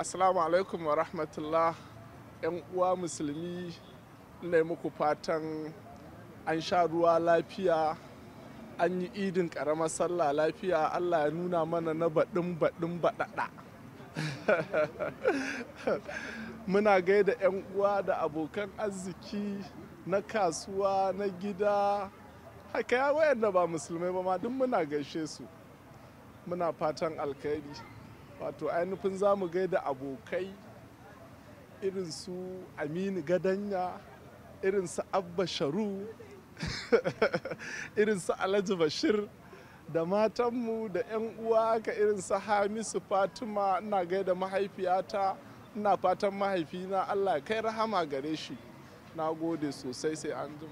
assalamu alaikum wa rahmatullah yan uwa musulmi ne muku fatan an sha ruwa lafiya an yi idin karamar sallah lafiya allah ya nuna mana na baɗin baɗin baɗaɗa muna gaida 'yan uwa da abokan arziki na kasuwa na gida haka ya wayanda ba musulmai ba ma duk muna gaishe su muna fatan alkhairi wato ainihin za mu gaida abokai irin su aminu gadanya irin su abba sharu irin su alhaji bashir da matanmu da 'yan uwa ka irin su hamisu fatima ina gaida mahaifiyata ina fatan mahaifina allah kai rahama gare shi na gode sosai sai an